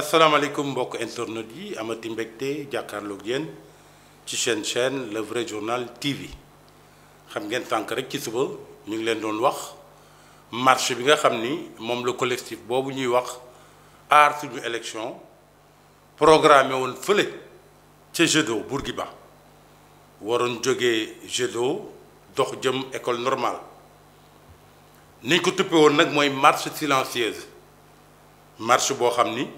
asalaamaaleykum mbokk internet yi amati mbégte jàkkaarloog yéen ci chaîne chaîne le vrai journal TV xam ngeen tank rek ci suba ñu ngi leen doon wax marche bi nga xamni mom le collectif bobu ñuy wax aar suñu élection programmé won feulé ci Gédo Bourguiba waroon joggé Gédo dox jëm école normale niñ ko tuppe won nak moy marche silencieuse marche bo xamni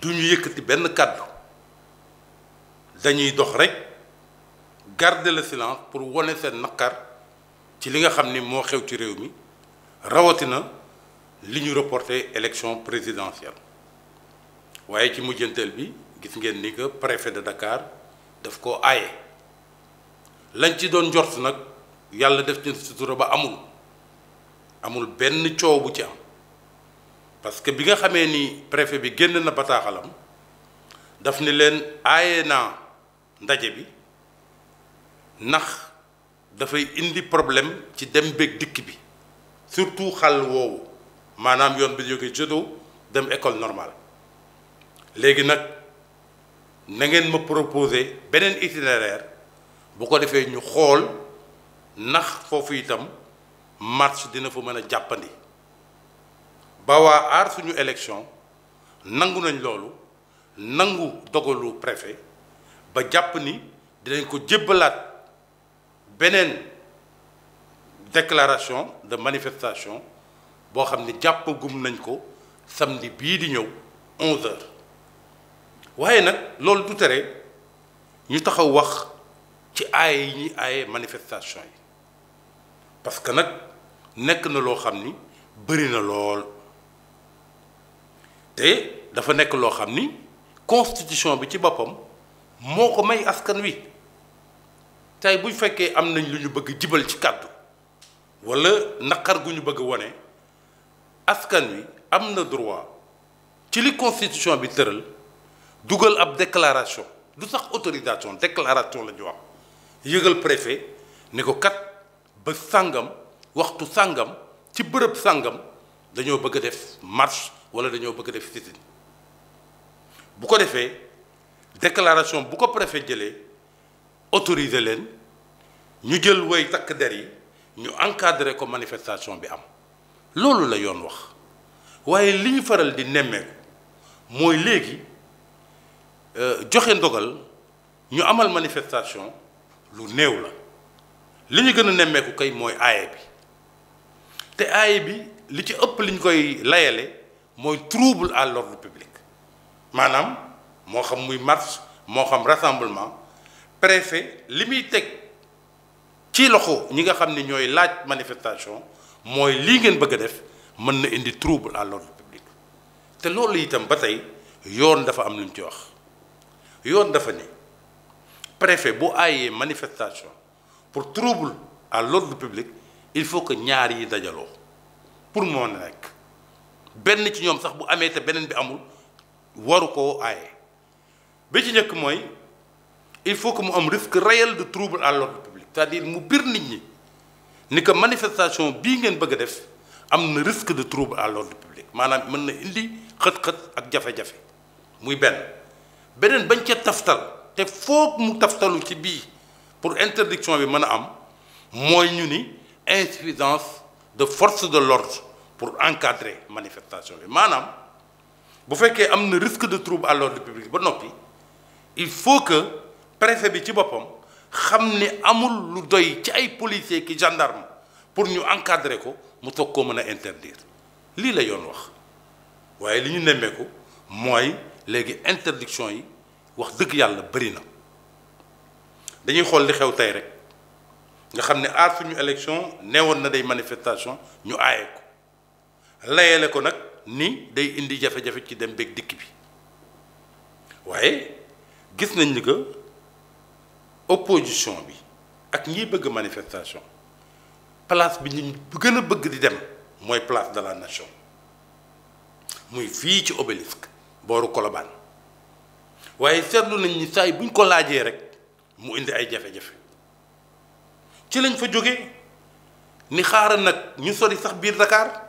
du ñu yëkkati benn kàddu dañuy dox rek garder le silence pour wane seen naqar ci li nga xam ni moo xew ci réew mi rawatina li ñu reporté élection présidentielle waaye ci mujjanteel bi gis ngeen ni que préfet de Dakar daf ko aaye lañ ci doon njort nag yàlla def ci sutura ba amul amul benn coow bu ci parce que bi nga xamee ni préfet bi génn na bataaxalam daf ni leen aaye naa ndaje bi ndax dafay indi problème ci dem beeg dikk bi surtout xal woowu maanaam yoon bi jóge judo dem école normal léegi nag na ngeen ma proposer beneen itinéraire bu ko defee ñu xool ndax foofu itam marche dina fa mën a jàppandi ba waa aar suñu élection nangu nañ loolu nangu dogalu préfet ba jàpp ni dinañ ko jébbalaat beneen déclaration de manifestation boo xam ne jàppagum nañ ko samedi bii di ñëw 11 waaye nag loolu du tere ñu taxaw wax ci aaye yi ñuy aaye manifestation yi parce que nag nekk na loo xam ni bëri na lool. te dafa nekk loo xam ni constitution bi ci boppam moo ko may askan wi tey bu fekkee am nañ lu ñu bëgg jibal ci kàddu walla naqar gu ñu bëgg wone askan wi am na droit ci li constitution bi tëral dugal ab déclaration du sax autorisation déclaration la ñu wax yëgal préfet ni ko kat ba sàngam waxtu sàngam ci bërëb sàngam dañoo bëgg a def marche wala dañoo bëgg def sitin bu ko defee declaration bu ko préfet jëlee autoriser leen ñu jël woy takk der yi ñu encadrer ko manifestation bi am loolu la yoon wax waaye li ñu faral di nemmeeku mooy léegi euh, joxe ndogal ñu amal manifestation lu néew la li ñu gën a nemmeeku kay mooy aaye bi te aaye bi li ci ëpp li ñu koy layale moy trouble à l'ordre public manam mo xam muy marche mo xam rassemblement préfet limi tek ci loxo ñi nga xam ni ñoy laaj manifestation moy li ngeen bëgg def mën na indi trouble à l'ordre public té loolu itam batay yoon dafa am lu ci wax yoon dafa ni préfet bu ayé manifestation pour trouble à l'ordre public il faut que ñaar yi dajalo pour mon nekk benn ci ñoom sax bu amee te beneen bi amul waru koo aaye bi il faut que mu am risque réel de trouble à l'ordre public c'est-à-dire mu bir nit ñi ni que manifestation bii ngeen bëgg risque de trouble à l'ordre public maanaam mën na indi xët-xët ak jafe-jafe muy benn beneen bañ ca taftal te foog mu taftalu ci bii pour interdiction bi mën a am mooy ñu insuffisance de force de l'ordre pour encadrer manifestation bi maanaam bu fekkee am risque de trouble à l'ordre public ba noppi il faut que préfet bi ci boppam xam ne amul lu doy ci ay policiers ki gendarmes pour ñu encadrer ko mu toog koo interdire lii la yoon wax waaye li ñu nemmeeku mooy léegi interdiction yi wax dëgg yalla bari na dañuy xol li xew tay rek nga xamné ne suñu élection néwon na day manifestation ñu aaye ko layale ko nag ni day indi jafe-jafe ci dem beeg dikk bi waaye gis nañ ni que opposition bi ak ñiy bëgg manifestation place bi ñu gën a bëgg di dem mooy place de la nation muy fii ci obélisque booru Colobane waaye seetlu nañ ni saa yi buñ ko laajee rek mu indi ay jafe-jafe ci lañ fa jóge ni xaaral nag ñu sori sax biir Dakar.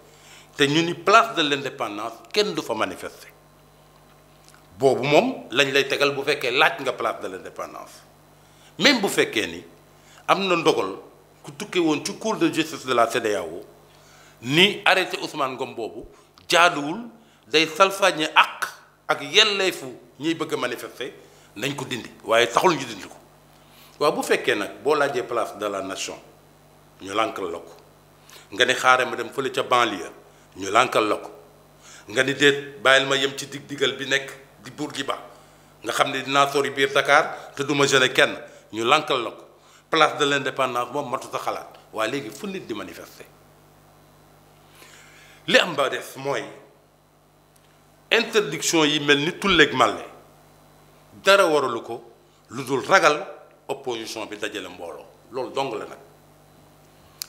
té ñu ni place de l'indépendance kenn du fa manifester bobu mom lañ lay tégal bu féké laaj nga place de l'indépendance même bu féké ni amna na ndogal ku tukkee won ci cour de justice de la CEDEAO ni arrêté Ousmane Ngom bobu jaaduwul day salfaañe ak ak yelleefu ñi bëgg a manifester nañ ko dindi waye taxul ñu dindi ko wa bu féké nak bo laajee place de la nation ñu lànkal la ko nga ni xaaral ma dem fële ca banlieue ñu lànkal la ko nga ni déet bàyyil ma yem ci dig digal bi nekk di gi ba nga xam ne dinaa sori biir Dakar te duma gêner kenn ñu lànkal la ko place de l'indépendance moom matu sa xalaat waaye léegi fu nit di manifester li am ba des mooy interdiction yi mel ni tulleeg màlle dara waralu ko lu dul ragal opposition bi dajale mbooloo loolu dong la nag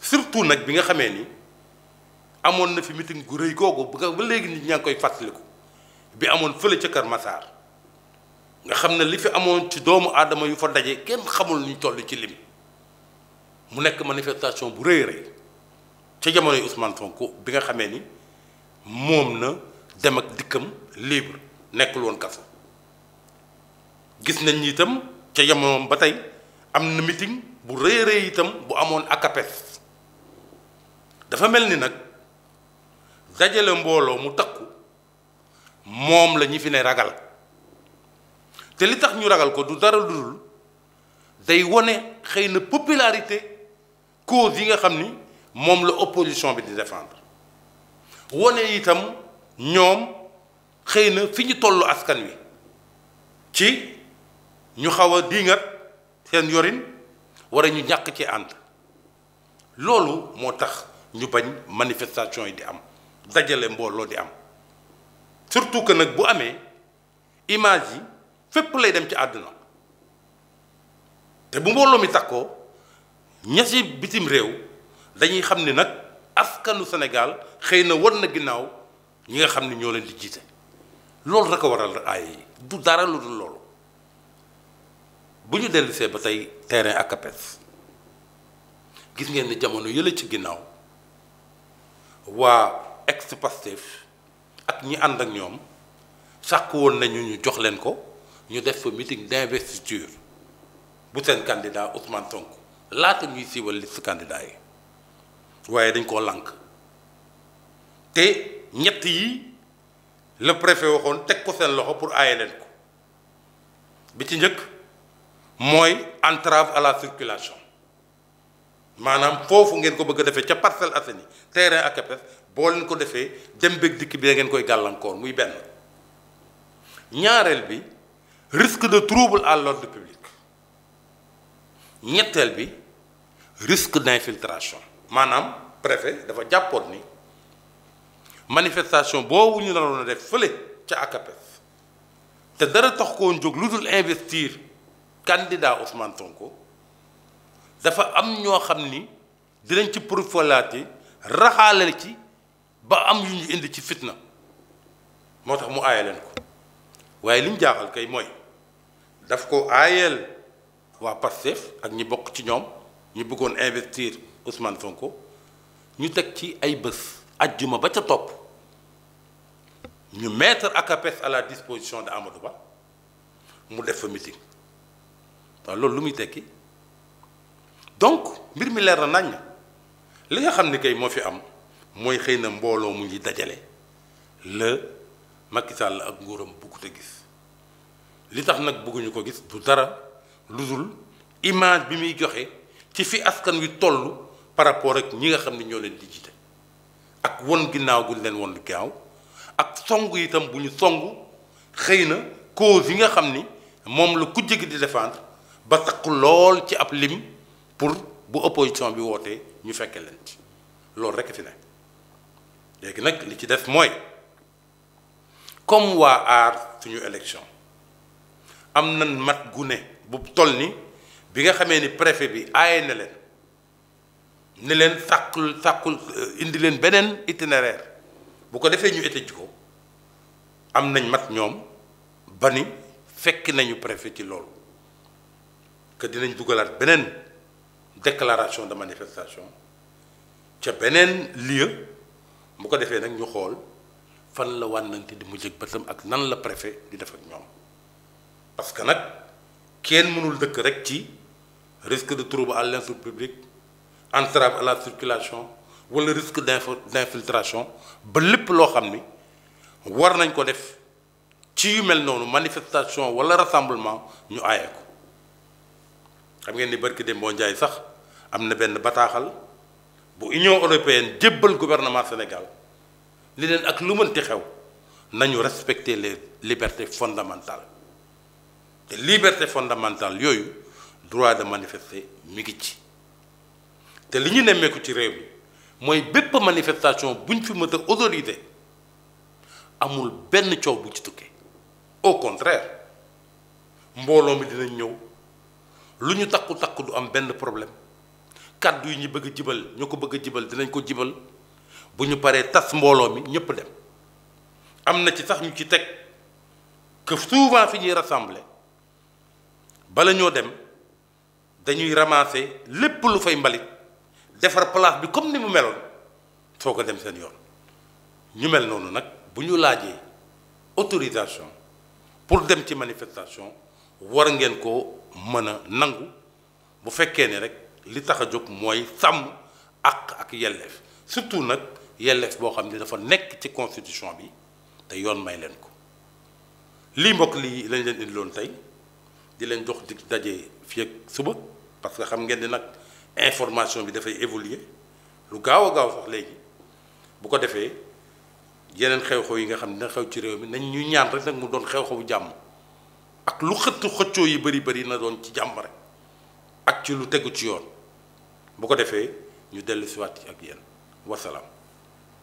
surtout nag bi nga xamee ni amoon na fi meeting gu reuy gogo ba léegi nit ñang ngi koy fàttaliku bi amoon fële ci Kër Massar nga xamne li fi amoon ci doomu adama yu fa daje kenn xamul ñu toll ci lim mu nek manifestation bu reuy reuy ci jamono Ousmane Sonko bi nga xamé ni mom na dem ak dikkam libre nekkul won kafa gis nañ ni itam ci jamono ba tay am na meeting bu reuy reuy itam bu amoon akapes dafa mel ni nag. dajale mbolo mu takku mom la ñi fi ne ragal té li tax ñu ragal ko du dara dudul day woné xeyna popularité cause yi nga xamni mom la opposition bi di défendre woné itam ñom xeyna na fi ñu tollu askan wi ci ñu xawa di diingat seen yorin wara ñu ñak ci ànd lolu moo tax ñu bañ manifestation yi di am dajale mbooloo di am surtout que nag bu amee image yi fépp lay dem ci àdduna te bu mbooloo mi takkoo ña ci bitim réew dañuy xam ni nag askanu senegal xëy na war na ginnaaw ñi nga xam ni ñoo leen di jiite loolu rek a waral aay yi du dara lu dul loolu bu ñu dellusee ba tey terrain ak APES gis ngeen ni jamono yële ci ginnaaw waa ex Pastef ak ñi ànd ak ñoom sàkk woon nañu ñu jox leen ko ñu def fa meeting d'investiture bu seen candidat Ousmane Sonko laata ñuy siiwal liste candidat yi waaye dañ koo lànk te ñett yi le préfet waxoon teg ko seen loxo pour aaye leen ko bi ci njëkk mooy entrave à la circulation maanaam foofu ngeen ko bëgg a defee ca Parcelles Assainies terrain ak APES boo leen ko defee dem beeg dikk bi da ngeen koy gàllankoor muy benn ñaareel bi risque de trouble à l'ordre public ñetteel bi risque d'infiltration maanaam préfet dafa jàppoon ni manifestation boobu ñu naroon a def fële ca ACAPES te dara tax koon jóg lu dul investir candidat Ousmane Sonko dafa am ñoo xam ni dinañ ci profalaati raxaale ci am yu ñu indi ci fitna moo tax mu aaye leen ko waaye li ñu jaaxal kay mooy daf ko aayeel waa Pastef ak ñi bokk ci ñoom ñu bëggoon investir Ousmane Sonko ñu teg ci ay bés ajjuma ba ca topp ñu mettre ACAPES à la disposition de Amadou Ba mu def fa meeting waaw loolu lu muy tekki donc mbir mi leer na nañ li nga xam ni kay moo fi am. mooy xëy na mbooloo mu ñuy dajale la Macky la ak nguuram bëggu te gis li tax nag bëgguñu ko gis du dara lu dul image bi muy joxe ci fi askan wi toll par rapport ak ñi nga xam ne ñoo leen di jiite ak won ginnaaw guñ leen won gaaw ak song itam bu ñu song xëy na cause yi nga xam ni moom la ku jëgg di défendre ba takku lool ci ab lim pour bu opposition bi wootee ñu fekke leen ci loolu rekk fi nekk léegi nag li ci des mooy comme waa aar suñu élection am na mat gune ne bu toll ni bi nga xamee ni préfet bi aaye na leen ne leen sàkkul sàkkul euh, indi leen beneen itinéraire bu ko defee ñu état ji ko am nañ mat ñoom ba ni fekk nañu préfet ci loolu que dinañ dugalaat beneen déclaration de manifestation ca beneen lieu bu ko defee nag ñu xool fan la wànnante di mu jëg bëtam ak nan la préfet di def ak ñoom parce que nag kenn mënul dëkk rek ci risque de trouble à l'ordre public entrave à la circulation wala risque d'infiltration ba lépp loo xam ni war nañ ko def ci yu mel noonu manifestation wala rassemblement ñu aaye ko xam ngeen ni barki dem boo njaay sax am na benn bataaxal L'Union union européenne le gouvernement Sénégal li les ak lu respecter les libertés fondamentales te liberté fondamentale le droit de manifester mi qui est te manifestation buñ fi a amul benn ciow bu ci au contraire mbooloo mi a ñew luñu takku takku du am de problème kàddu yi ñu bëgg jibal ñu ko bëgg a jibal dinañ ko jibal bu ñu paree tas mbooloo mi ñëpp dem am na ci sax ñu ci teg que souvent fi ñuy rassembler bala ñoo dem dañuy ramasser lépp lu fay mbalit defar place bi comme ni mu meloon soo ko dem seen yoon ñu mel noonu nag bu ñu laajee autorisation pour dem ci manifestation war ngeen koo mën a nangu bu fekkee ni rek li tax a jóg mooy sàmm àq ak yelleef surtout nag yelleef boo xam dafa nekk ci constitution bi te yoon may leen ko lii mbokk lii lañ leen indiloon tey di leen jox di daje fii ak suba parce que xam ngeen ni nag information bi dafay évoluer lu gaaw a gaaw sax légui bu ko défé yeneen xew-xew yi nga xam xew ci réew mi nañ ñu ñaan rek nak mu doon xew-xewu jàmm ak lu xëttu xëccoo yi bari bari na doon ci jàmm rek ak ci lu tegu ci yoon bu ko defee ñu dellu siwaat ci ak yéen wasalaam